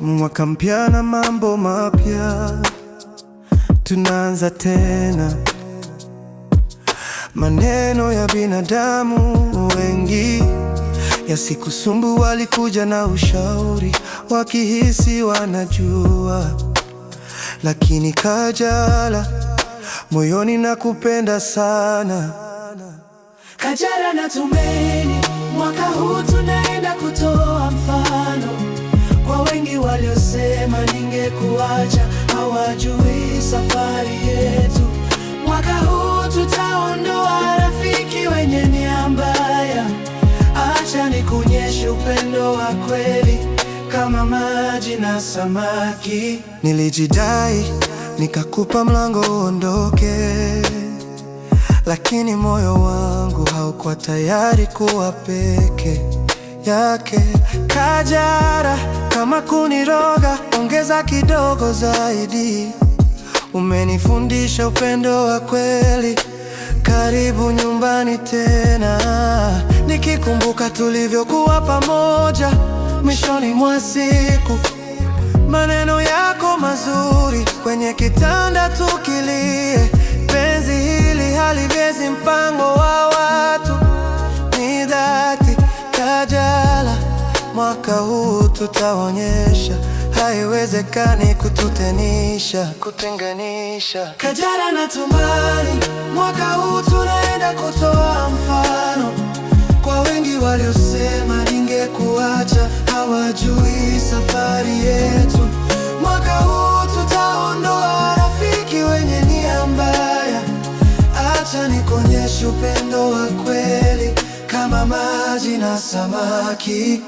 Mwaka mpya na mambo mapya, tunaanza tena maneno ya binadamu wengi ya siku sumbu, walikuja na ushauri wakihisi wanajua, lakini Kajala moyoni na kupenda sana. Kajala na tumeni, mwaka huu tunaenda kutoa meli kama maji na samaki. Nilijidai nikakupa mlango uondoke, lakini moyo wangu haukuwa tayari kuwa peke yake. Kajara kama kuniroga, ongeza kidogo zaidi. Umenifundisha upendo wa kweli. Karibu nyumbani tena, nikikumbuka tulivyokuwa pamoja mwishoni mwa siku, maneno yako mazuri kwenye kitanda tukilie. Penzi hili halivyezi mpango wa watu, ni dhati Kajala, mwaka huu tutaonyesha haiwezekani kututenisha, kutenganisha. Kajala na Tumaini, mwaka huu tunaenda kutoa mfano kwa wengi waliosema ningekuacha hawajui safari yetu. Mwaka huu tutaondoa rafiki wenye nia mbaya. Acha nikuonyeshe upendo wa kweli kama maji na samaki.